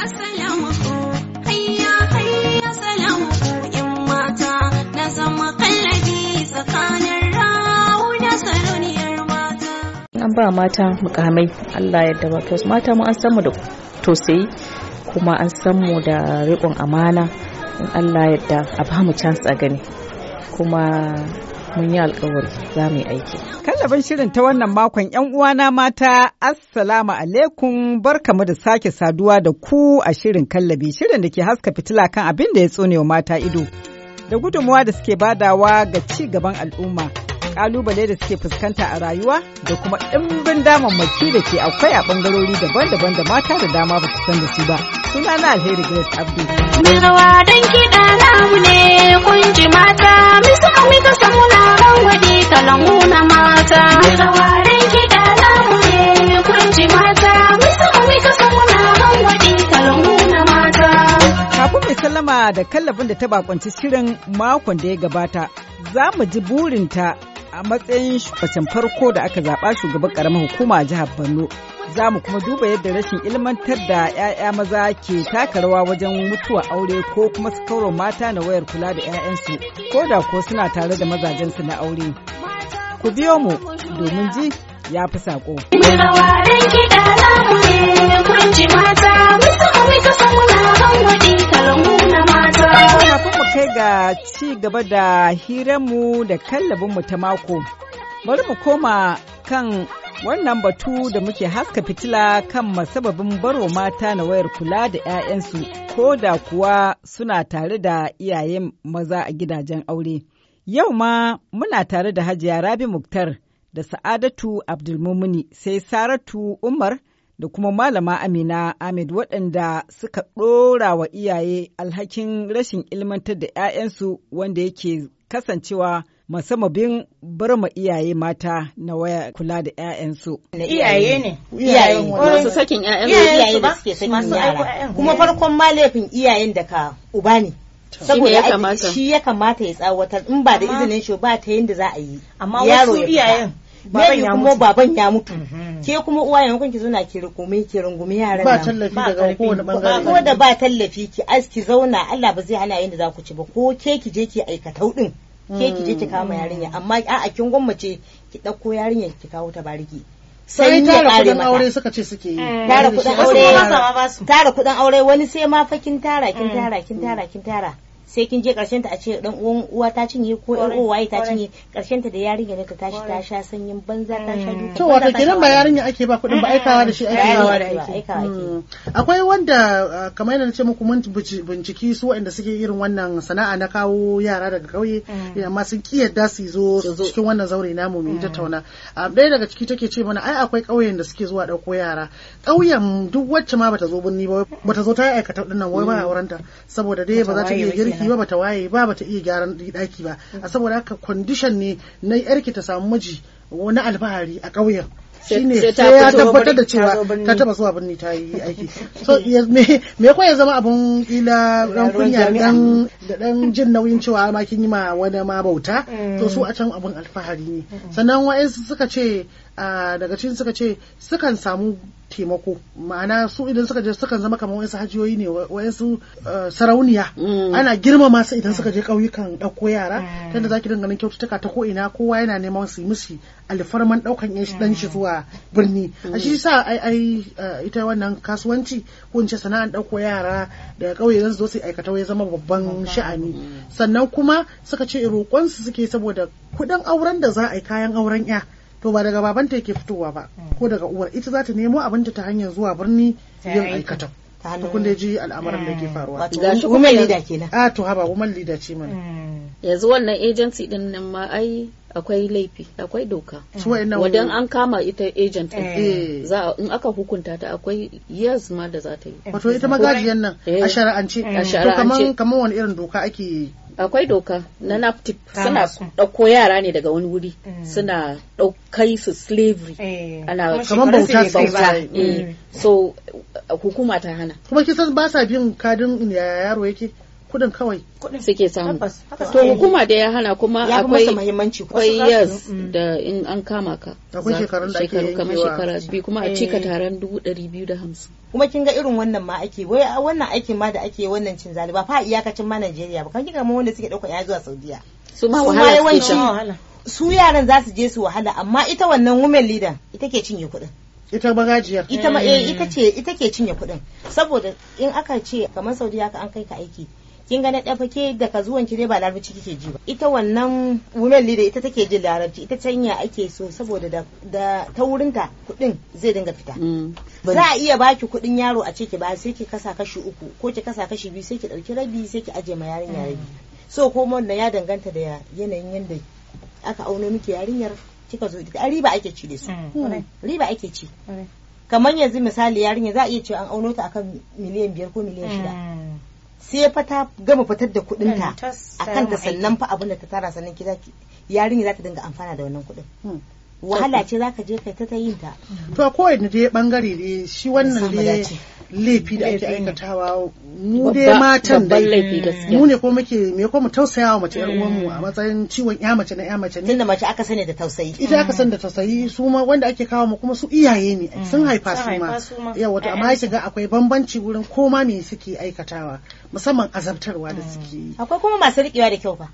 an ba mata mukamai Allah ya ba to mata mu an san mu da tosai kuma an san mu da riƙon amana in Allah yadda a ba mu chance a gani kuma mun yi alkawari za mu yi aiki. Kallabin shirin ta wannan makon ‘yan uwana mata, Assalamu alaikum barkamu da sake saduwa da ku a shirin kallabi shirin da ke haska fitila kan abin da ya wa mata ido. da gudunmuwa da suke badawa ga ci gaban al'umma kalubale da suke fuskanta a rayuwa da kuma ɗimbin damammaki da ke akwai a ɓangarori daban-daban da mata da dama ba su san da su ba suna na alheri grace abdu mai rawa dan kiɗa namu ne kunji mata mi suka mi ka samu na ran wadi na mata mai dan kiɗa namu ne kunji mata sallama da kallafin da ta bakonci shirin makon da ya gabata za mu ji burinta a matsayin shugaban farko da aka zaɓa shugaban ƙaramar hukuma a jihar Borno. Za mu kuma duba yadda rashin ilmantar da 'ya'ya maza ke taka rawa wajen mutuwa aure ko kuma su kauro mata na wayar kula da 'ya'yansu ko da ko suna tare da mazajensu na aure. Ku biyo mu domin ji ya fi saƙo. mata, Kafin mu kai ga ci gaba da hiranmu da kallabin mu ta mako, bari mu koma kan wannan batu da muke haska fitila kan masababin baro mata na wayar kula da 'ya'yansu ko da kuwa suna tare da iyaye maza a gidajen aure. Yau ma muna tare da Hajiya Rabi Muktar da Sa'adatu Abdulmumuni sai Saratu Umar da kuma Malama Amina Ahmed waɗanda suka ɗora wa iyaye alhakin rashin ilmantar da 'ya'yansu wanda yake kasancewa masamabin barma iyaye mata na waya kula da 'ya'yansu. Iyaye ne. Iyaye wasu sakin 'ya'yansu da suke sakin yara. Kuma farkon ma laifin iyayen da ka uba ne. Saboda shi ya kamata ya tsawatar in ba da izinin shi ba ta yadda za a yi. Amma wasu iyayen. Baban ya mutu. kuma baban ya mutu. Mm. ke kuma uwa yankun ki zauna ki rukumi ki rungume yaran ba tallafi daga kowane bangare ko da ba tallafi ki aski zauna Allah ba zai hana yanda za ku ci ba ko ke ki je ki aikatau din ke ki je ki mm. kama yarinya amma a'a kin gwammace ki dauko yarinya ki kawo ta bariki sai tara kudin aure suka ce suke yi eh. tara kudin aure tara kudin aure wani sai ma fakin mm. tara kin tara kin tara kin tara sai kin je karshen ta a ce dan uwan uwa ta cinye ko ɗan uwa ta cinye karshen ta da yarinya ne ta tashi ta sha sanyin banza ta sha duka to wato kenan ba yarinya ake ba kuɗin ba eh, aikawa da shi aikawa da aiki hmm. akwai wanda uh, kamar yadda ce muku mun binciki su waɗanda suke irin wannan sana'a na kawo yara daga kauye hmm. amma sun ki yadda su zo cikin wannan zaure namu mu yi hmm. tattauna uh, ɗaya daga ciki take ce mana ai akwai ƙauyen da suke zuwa ɗauko yara ƙauyen duk wacce ma bata zo birni ba bata zo ta yi aikata ɗin nan wai ba a wurinta saboda dai ba za ta iya girki baki ba bata waye ba bata iya gyaran daki ba a saboda haka condition ne na yarki ta samu miji wani alfahari a ƙauyen shine sai ya tabbatar da cewa ta taba zuwa birni ta yi aiki so me ko ya zama abun kila ran kunya dan da dan jin nauyin cewa ma kin yi ma wani ma bauta to su a can abun alfahari ne mm. sannan wa'ansu suka ce ah, daga cikin suka ce sukan samu taimako ma'ana su idan suka je sukan zama kamar wayansu hajiyoyi ne wayansu eh, sarauniya mm. ana girmama su idan suka je ƙauyukan ɗauko yara mm. tunda zaki dinga ganin kyaututtuka ta ko ina kowa yana neman su mishi alfarman ɗaukan yan dan shi mm. zuwa birni a shi sa ai ai eh, ita wannan kasuwanci ko in ce sana'an ɗauko yara daga ƙauye zan zo su aikata ya zama babban sha'ani sannan kuma suka ce roƙon su suke saboda kuɗin auren da za a yi kayan auren ya to ba daga babanta yake fitowa ba hmm. ko daga uwar ita za ta nemo abinta ta hanyar zuwa birni yin aikata ta kun da ji al'amuran da ke hmm. faruwa wato woman leader kenan a ah, to haba woman leader ce mana hmm. yanzu wannan agency din nan ma ai akwai laifi akwai doka wadan an kama ita agent din eh. za in aka hukunta ta akwai years ma da za ta yi wato ita magajiyan nan a eh. shara'ance to kaman kaman wani irin doka ake akwai doka na naptip suna ɗauko yara ne daga wani wuri mm. suna ɗaukai su slavery eh. ana kamar bauta bauta eh. mm. so hukuma ta hana kuma kisan ba sa bin kadin yaro yake kudin kawai kudin suke samu to hukuma da ya hana kuma akwai akwai yes mm. da in an kama ka akwai shekarun da ake yi kamar shekara biyu kuma a eh. cika taron dubu dari biyu da hamsin kuma kin ga irin wannan ma ake wai wannan aikin ma da ake wannan cin zali ba fa iyakacin ma Najeriya ba kan kika mu wanda suke dauka ya zuwa Saudiya su ma wahala su yaran za su je su wahala amma ita wannan women leader ita ke cinye kuɗin ita bagajiyar ita ma eh. Eh, ita ce ita ke cinye kuɗin saboda in aka ce kamar Saudiya ka an kai ka aiki kin ga na dafa ke ka zuwan ki dai ba larabci kike ji ba ita wannan women leader ita take jin larabci ita canya ake so saboda da, da ta wurinta kuɗin zai dinga fita mm. za a iya baki kuɗin yaro a ce ki ba sai ki kasa kashi uku ko ki kasa kashi biyu sai ki dauki rabi sai ki aje ma yarinya rabi mm. so ko wannan ya danganta da yanayin yadda aka auno miki yarinyar kika zo ita riba ake ci da su mm. riba ake ci kamar yanzu misali yarinya za a iya cewa an auno ta akan miliyan biyar ko miliyan shida sai fa ta gama fitar da kuɗinta hmm, a kanta sannan fa abin da ta tara sannan kida yarinya za ta dinga amfana da wannan kuɗin hmm. wahala ce za ka je kai ta ta yin ta to ko kowane dai bangare dai shi wannan dai laifi da ake aikatawa mu dai matan da mu ne ko muke me ko mu tausaya wa mace yar uwanmu a mm. matsayin ciwon ya mace na ya mace ne tunda mace aka sani da tausayi ita aka sani da tausayi su ma wanda ake kawo mu kuma su iyaye ne mm. sun haifa su ma yawa to amma shiga akwai bambanci wurin koma me suke aikatawa musamman azabtarwa da mm. suke yi akwai kuma masu riƙewa da kyau ba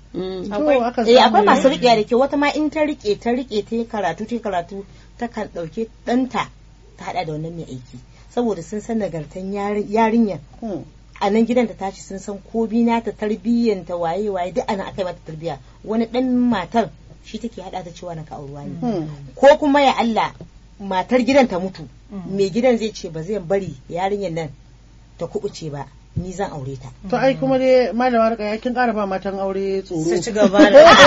akwai eh, masu riƙewa da kyau wata ma in ta riƙe ta riƙe ta yi karatu karatu ta karatu ta kan ɗauke ɗanta ta haɗa da wannan mai aiki saboda sun san nagartan yarinyar hmm. a nan gidan ta tashi sun san ko bina ta tarbiyyanta waye waye duk ana aka yi mata tarbiyya wani ɗan matar shi take haɗa ta cewa na ka auruwa ne hmm. ko kuma ya Allah matar gidan ta mutu hmm. mai gidan zai ce ba zai bari yarinyar nan ta kubuce ba ni zan aure ta to ai kuma dai malama ya kin ƙara ba matan aure tsoro su ci gaba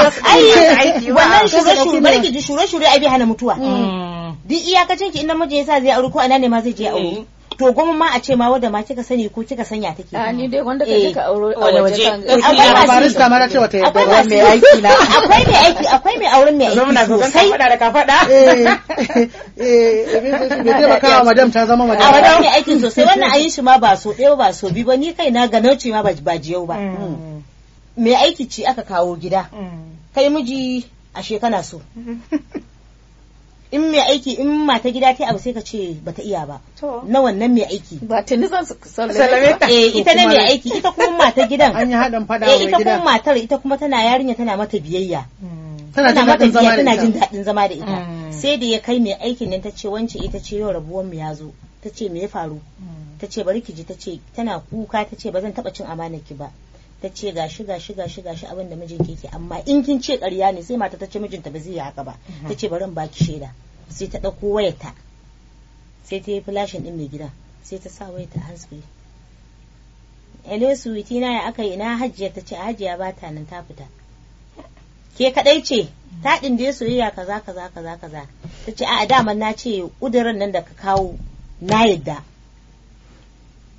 aiki wannan shure shure barki ji shure shure ai bai hana mutuwa mm. duk iyakacin ki in ya yasa zai aure ko ina ne ma zai je aure eh. to goma ma a ce ma wadda ma kika sani ko kika sanya take a ni dai wanda eh. ka ka auro a waje akwai masu barista ta mara ce wata yadda ruwan mai aiki na akwai mai aiki akwai mai auren mai aiki sosai fada da ka faɗa eh, eh, eh bai taimaka wa madam ta zama madam a wadda mai aiki sosai wannan ayin shi ma ba so ɗaya ba so biyu ba ni kai na ganauci ma ba jiyau ba mm. Mm. mai aiki ce aka kawo gida mm. kai miji a shekara so in mai aiki in mata gida ta abu sai ka ce ba ta iya ba na wannan mai aiki ba ta nisan sallame ta eh ita ne mai aiki ita kuma mata gidan an yi hadan fada eh ita kuma matar ita kuma tana yarinya tana mata biyayya hmm. tana mata biyayya zama da ita tana jin dadin zama da ita hmm. sai da ya kai mai aikin nan ta ce wance ita ce yau rabuwar mu ya zo ta ce me ya faru hmm. ta ce bari ki ji ta ce tana kuka ta ce ba zan taɓa cin amanar ki ba ta ce ga ga shi ga shi ga shi abin da mijin ke amma in kin ce ƙarya ne sai mata ta ce mijinta ba zai yi haka ba mhm. ta ce bari in baki shaida sai ta ɗauko wayarta sai ta yi flashin ɗin mai gida sai ta sa wayarta a hasbi ele suwiti na ya aka yi na hajiya ta ce hajiya ba ta nan ta fita ke kaɗai ce ta ɗinde soyayya kaza kaza kaza kaza ta ce a daman na ce ƙudurin nan da ka kawo na yadda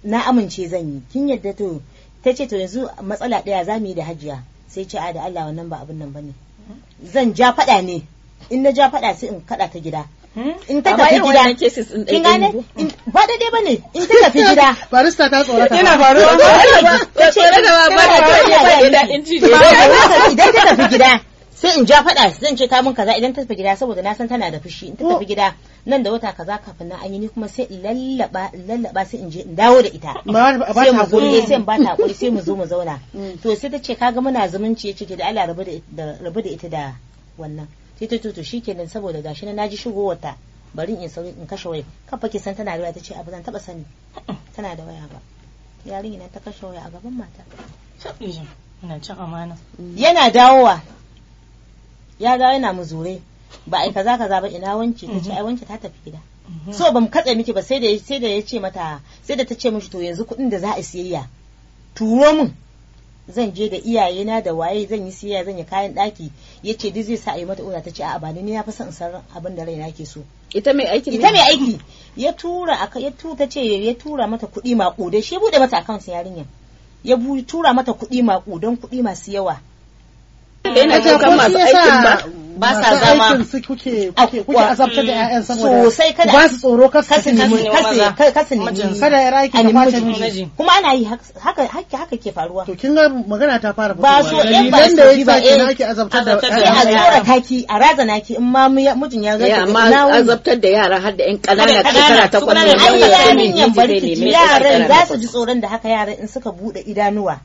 na amince zan yi kin yadda to ta ce to yanzu matsala ɗaya za mu yi da hajiya sai ce a da Allah wannan ba abin nan bane zan ja faɗa ne in na ja faɗa sai in kaɗa ta gida in ta tafi gida kin gane ba daidai ba ne in ta tafi gida barista ta tsorata ina faruwa ta tsorata ba ba ta tafi gida idan ta tafi gida sai in ja faɗa zan ce ta mun kaza idan ta tafi gida saboda na san tana da fushi in ta tafi gida nan da wata kaza kafin na anyi ni kuma sai in lallaba in lallaba sai in je in dawo da ita sai mu gode sai in bata hakuri sai mu zo mu zauna mm. to sai ta ce kaga muna zumunci yace ke da Allah rabu da rabu da ita da wannan sai ta to shikenan saboda gashi na naji shigowar ta bari in sauri in kashe waya kafa ke san tana da waya tace abu zan taba sani tana da waya ba yarinya ta kashe waya a gaban mata yana dawowa ya dawo yana mu zure. ba ai kaza kaza ba ina wanke ta ce mhm. ai wanke ta tafi gida mhm. so bamu katse miki ba sai da sai da ya ce mata sai da ta ce mishi to yanzu kuɗin da za a siyayya turo mun. zan je da iyayena da waye zan yi siyayya zan yi kayan ɗaki ya ce duk zai sa a yi mata ura ta ce a'a ba ni ya fi son san abin da raina ke so ita mai aiki ita mai aiki ya tura aka ya tura ta ce ya tura mata kuɗi maƙudai shi ya buɗe mata account yarinya. ya tura mata kuɗi maƙudan kuɗi masu yawa yana daukan masu aikin ba ba sa zama aikin su kuke kuke kuke azabtar da ƴaƴan saboda sosai ba su tsoro kasu su nemi kasu nemi kada ya raki da mace kuma ana yi haka haka haka ke faruwa to kin ga magana ta fara ba so ɗan eh, ba da yake ba ina eh, ake azabtar da ƴaƴan a tsora taki a razana ki in ma mijin ya zai eh, amma azabtar da yara har da ƴan ƙanana shekara ta kwallo da yaran za su ji tsoron da haka yaran in suka bude idanuwa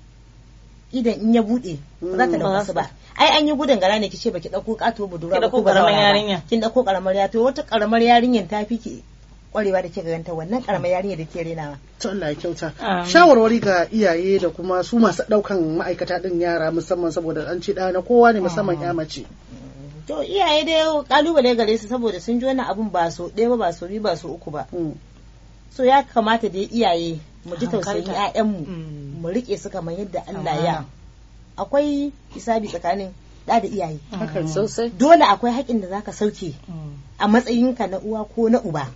idan in ya bude ba za ta mm. dauka su ba ai an yi gudun gara ne kice baki dauko kato budura ba ko karamar yarinya kin dauko karamar yarinya to wata karamar yarinyar ta fi kwarewa da ke ganta wannan karamar yarinya da ke renawa to Allah ya kyauta shawarwari ga iyaye da kuma su masu daukan ma'aikata din yara musamman saboda an ci na kowa ne musamman ya mace to iyaye dai kalubale gare su saboda sun ji wannan abun ba so ɗaya ba ba so biyu ba so uku ba mm. so ya kamata da iyaye mu ji tausayin 'ya'yanmu mm. mu riƙe su kamar yadda Allah ya akwai hisabi tsakanin da da iyaye dole akwai haƙin da zaka sauke mm. a matsayinka na uwa ko na uba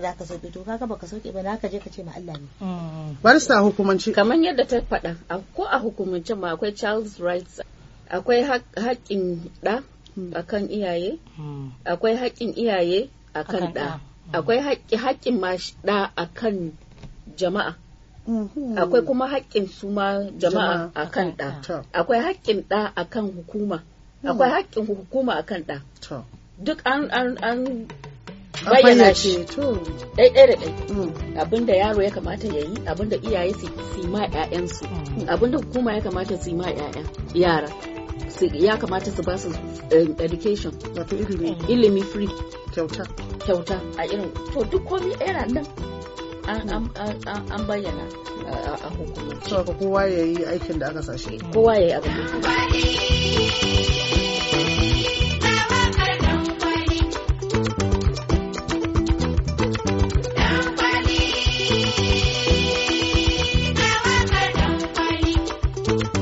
za ka sauke to kaga baka sauke ba naka je ka ce ma Allah ne mm. barista hukumanci kamar yadda ta faɗa ko a hukumance ma akwai child's rights akwai haƙƙin ɗa mm. akan iyaye akwai haƙƙin iyaye akan ɗa akwai haƙƙin ma ɗa akan jama'a akwai kuma haƙƙin su ma jama'a akan ɗa akwai haƙƙin ɗa akan hukuma hmm. akwai haƙƙin hukuma akan ɗa duk an bayyana shi ɗaiɗai da ɗai hmm. abinda yaro ya kamata ya yi abinda iyaye su ma 'ya'yansu hmm. abinda hukuma ya kamata su ma 'ya'ya yara ya kamata su ba su eh, education ilimi free kyauta kyauta a irin to duk komi yana nan an bayyana a hukumance. Saboda kowa ya yi aikin da aka sashe Kowa ya yi abin da thank you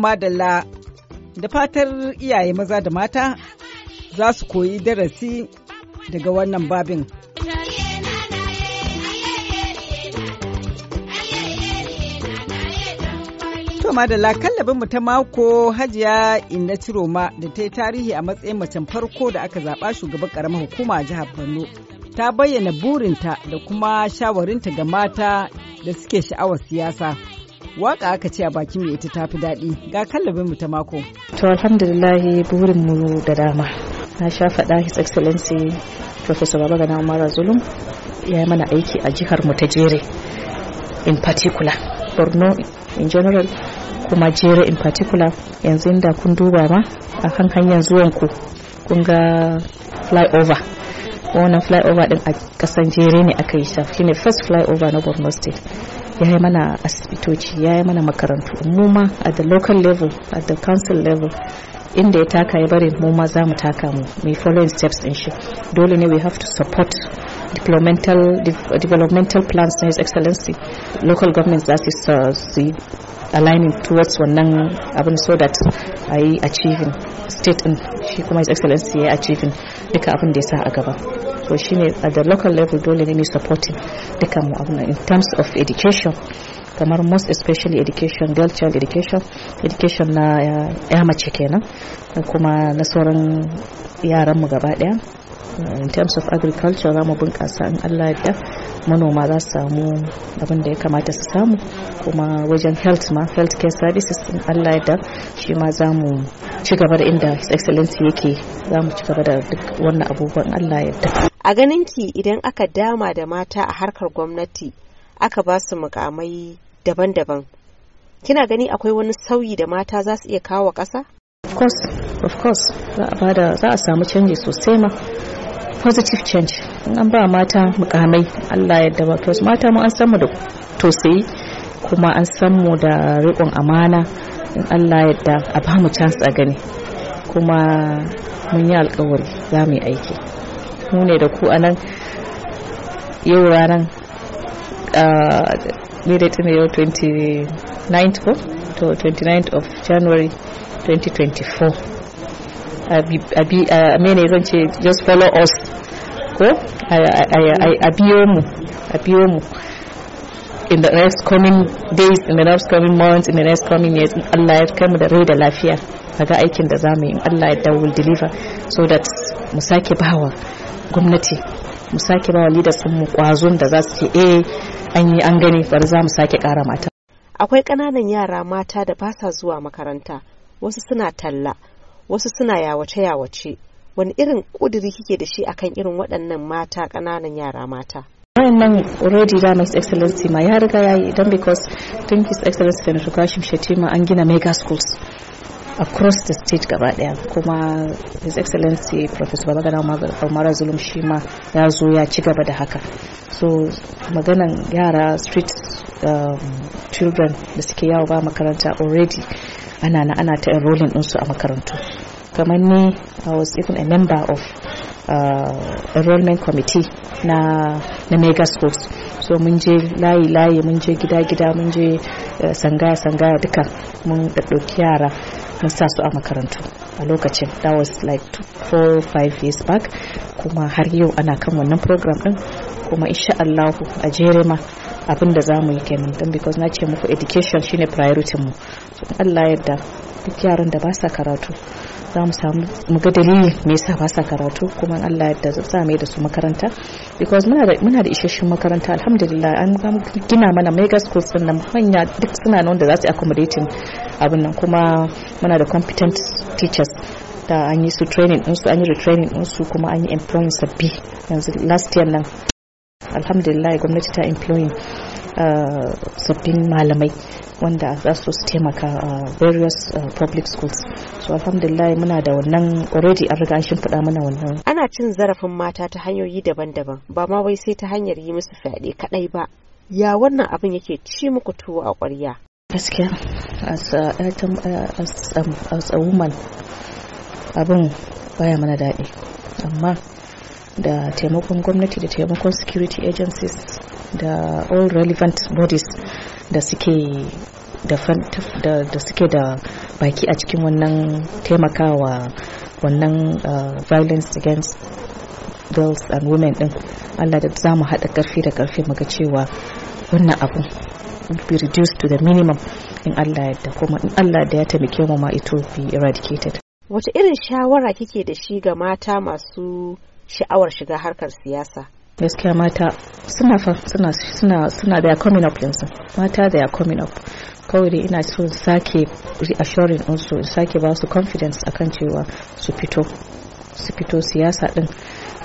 madalla da fatar iyaye maza da mata za su koyi darasi daga wannan babin. To madalla mu ta mako hajiya inna ciroma da ta yi tarihi a matsayin macen farko da aka zaɓa shugaban ƙaramar hukuma a jihar Borno. Ta bayyana burinta da kuma shawarinta ga mata da suke sha'awar siyasa. Waka aka ce a bakin mai ita tafi daɗi ga kallabin mu ta mako. To alhamdulillah burin mu da dama. Na sha faɗa His Excellency Professor Babagana Umar Zulum ya yi mana aiki a jihar mu ta Jere in particular. Borno in general kuma Jere in particular yanzu inda kun duba ma a kan hanyar zuwanku kun ga flyover wannan flyover din a kasan jere ne aka yi shafi ne first flyover na borno state ya yi mana asibitoci ya yi mana makarantu muma at the local level at the council level inda ya taka ya bari muma za mu taka mu mai following steps din shi dole ne we have to support developmental developmental plans na his excellency local governments za su aligning towards wannan abin so that a achieving state in shi kuma his excellency ya yi achieving duka abin da ya sa a gaba to shine at the local level dole ne mu supporting duka mu abin in terms of education kamar most especially education girl child education education na ya mace kenan kuma na sauran yaran mu gaba daya in terms of agriculture za mu bunƙasa in Allah yadda manoma za su samu abin da ya kamata su samu kuma wajen health ma health care services in Allah yadda shi ma za mu ci gaba da inda his excellency yake za mu ci gaba da duk wannan abubuwan Allah yadda a ganin ki idan aka dama da mata a harkar gwamnati aka ba su mukamai daban-daban kina gani akwai wani sauyi da mata za su iya kawo ƙasa? of course of course za a samu canji sosai ma positive change an ba mata mukamai Allah ya yarda because mata mu an san mu da tausayi kuma an san mu da riƙon amana in Allah ya yarda a ba mu chance a gani kuma mun yi alkawari za mu yi aiki mu ne da ku a nan yau ranar ne da tuna yau 29th ko to 29th of january 2024 a mene zan ce just follow us ko a biyo mu a biyo mu in the next coming days in the next coming months in the next coming years in Allah ya kai mu da rai da lafiya daga aikin da zamu yi in Allah ya da will deliver so that mu sake bawa gwamnati mu sake bawa leaders mu kwazon da za su ce eh an yi an gani bari za mu sake kara mata akwai kananan yara mata da ba sa zuwa makaranta wasu suna talla wasu suna yawace yawace wani irin ƙuduri kike da shi akan irin waɗannan mata ƙananan yara mata nan already da his excellency ma ya riga ya yi don because tun his excellency senator shi shetima an gina mega schools across the state gaba daya kuma his excellency professor babagana umara zulum shi ma ya zo ya ci gaba da haka so maganan yara street um, children da suke yawo ba makaranta already ana na ana ta enrolling su a makarantu kamar ni i was even a member of uh, enrollment committee na na mega schools so mun je layi layi mun je gida gida mun je uh, sanga sanga duka mun ɗauki yara mun sa su a makarantu a lokacin that was like 4-5 years back kuma har yau ana kan wannan program din kuma insha Allahu a jere ma da za mu yi kenan don because na ce muku education shine priority mu so Allah yadda duk yaran da ba sa karatu za mu samu mu ga dalili me yasa ba sa karatu kuma Allah ya yarda za mu da su makaranta because muna da muna da isasshen makaranta alhamdulillah an ga gina mana mega schools din nan hanya duk suna nan da za su accommodate abin nan kuma muna da competent teachers da an yi su training su an yi retraining su kuma an yi employing sabbi yanzu last year nan alhamdulillah gwamnati ta employing ah, sabbin malamai wanda za su su taimaka a uh, various uh, public schools so alhamdulillah muna da wannan already an riga shin faɗa mana wannan ana cin zarafin mata ta hanyoyi daban-daban ba ma wai sai ta hanyar yi musu fyaɗe kaɗai ba ya wannan abin yake ci muku tuwo a ƙwarya gaskiya as a, uh, as, um, as a woman abin baya mana daɗi amma da taimakon gwamnati da taimakon security agencies da all relevant bodies da suke da da suke da baki a cikin wannan taimakawa wannan uh, violence against girls and women din allah da za mu haɗa ƙarfi da ƙarfi muga cewa wannan abu be reduced to the minimum in allah da kuma in allah da ya taimake mu ma it will be eradicated wata irin shawara kike da shi ga mata masu sha'awar shiga harkar siyasa gaskiya mata suna fa suna suna suna da coming up yanzu mata da coming up kawai dai ina so sake reassuring su sake ba su confidence akan cewa su fito su fito siyasa din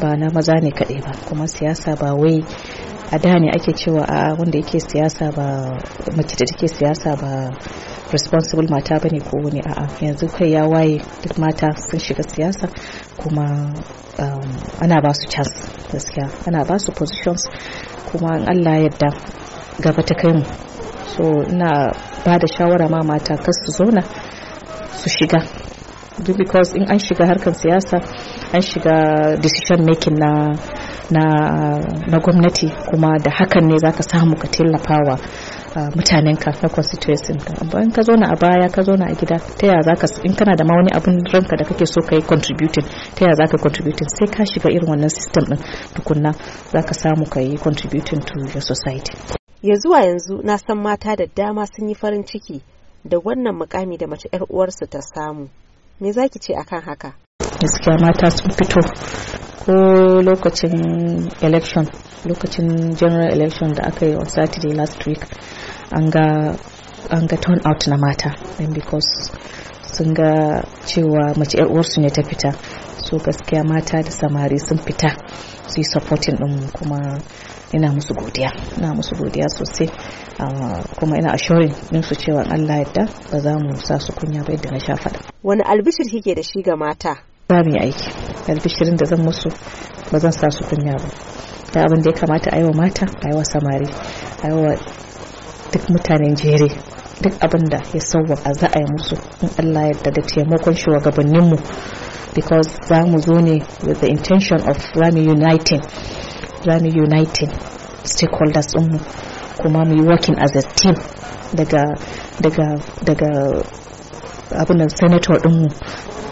ba na maza ne kaɗai ba kuma siyasa ba wai a da ne ake cewa a wanda yake siyasa ba mace da take siyasa ba responsible mata bane ko wani a'a yanzu kai ya waye duk mata sun shiga siyasa kuma um, ana ba su chance gaskiya ana ba su positions kuma in allah yadda gaba ta kai mu so ina ba da shawara ma mata kas su zauna su shiga duk because in an shiga harkar siyasa an shiga decision making na na, gwamnati kuma da hakan ne za ka samu ka tallafawa mutanen ka na constituency amma in ka zauna a baya ka zauna a gida ta yaya zaka in kana da ma wani abun ranka da kake so kai contributing ta yaya zaka contributing sai ka shiga irin wannan system din tukunna zaka samu kai contributing to your society ya zuwa yanzu na san mata da dama sun yi farin ciki da wannan mukami da mace 'yar uwarsu ta samu me zaki ce akan haka gaskiya mata sun fito ko lokacin election lokacin general election da aka yi on saturday last week an ga turn out na mata then because sun ga cewa mace yar uwarsu ne ta fita so gaskiya mata da samari sun fita su yi supporting din kuma ina musu godiya ina musu godiya sosai ah, kuma ina assuring din su cewa Allah yadda ba za mu sa su kunya ba yadda na sha faɗa wani albishir kike da shi ga mata ba mai aiki albishirin da zan musu ba zan sa su kunya ba ta abin da ya kamata a yi wa mata a yi wa samari a yi wa duk mutanen jere duk abin da ya sauwa a za a yi musu in allah ya da taimakon shugabanninmu because za mu zo ne with the intention of rami uniting rami uniting stakeholders mu kuma mu yi working as a team daga daga daga abin da senator dinmu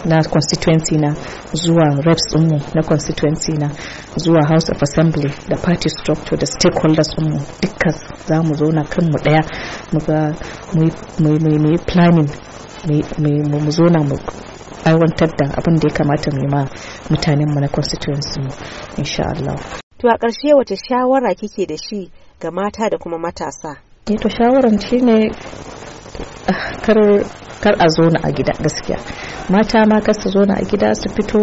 na constituency na zuwa reps dinmu na constituency na zuwa house of assembly da party structure da stakeholders dinmu dukkan za mu zauna kanmu daya mu ga mu yi planning mu zauna mu aiwantar da abin da ya kamata mu yi ma mutanenmu na constituency mu insha Allah. To a ƙarshe wata shawara kike da shi ga mata da kuma matasa? Eh to shawaran shine kar kar a zo a gida gaskiya mata ma kar su zona a gida su fito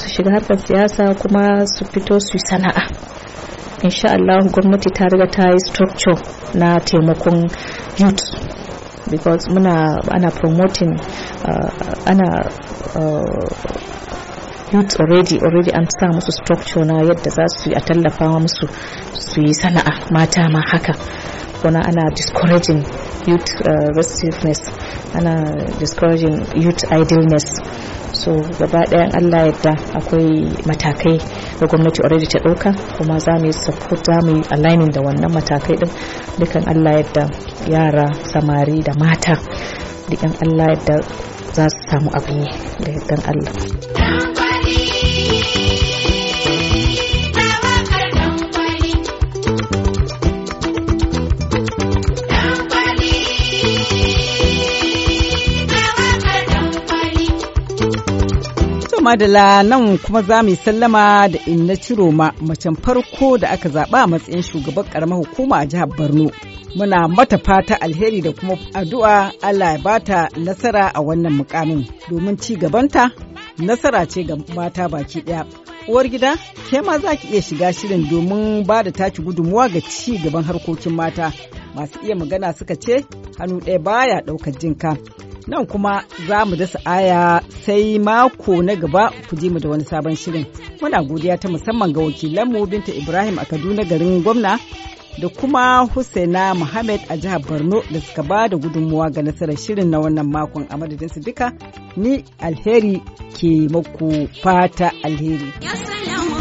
su shiga harkar siyasa kuma su fito su sana'a insha Allah gwamnati ta riga ta yi structure na taimakon youth because muna ana promoting uh, ana uh, youth already already an sa musu structure na yadda za su yi a tallafa musu su yi sana'a mata ma haka kona ana discouraging youth uh, restiveness ana discouraging youth idleness so gaba ɗayan allah yadda akwai matakai da gwamnati already ta ɗauka kuma za mu yi support za mu yi aligning da wannan matakai ɗin dukan allah yadda yara samari da mata dukan allah yadda za su samu abin yi da yardan allah madala nan kuma za mu yi sallama da inna ciroma macen farko da aka zaɓa a matsayin shugaban ƙaramar hukuma a jihar Borno. Muna mata fata alheri da kuma addu'a Allah ya bata nasara a wannan mukamin domin ci gabanta nasara ce ga mata baki ɗaya. Uwar gida, ke ma za ki iya shiga shirin domin ba da taki gudunmuwa ga ci gaban harkokin mata. Masu iya magana suka ce hannu ɗaya baya ɗaukar jinka. Nan kuma za mu dasa aya sai mako na gaba ku ji mu da wani sabon shirin. Muna godiya ta musamman ga wakilanmu Binta Ibrahim a Kaduna garin gwamna da kuma Husaina Muhammad a jihar Borno da suka ba da gudunmuwa ga nasarar shirin na wannan makon a madadinsu duka ni alheri ke maku fata alheri.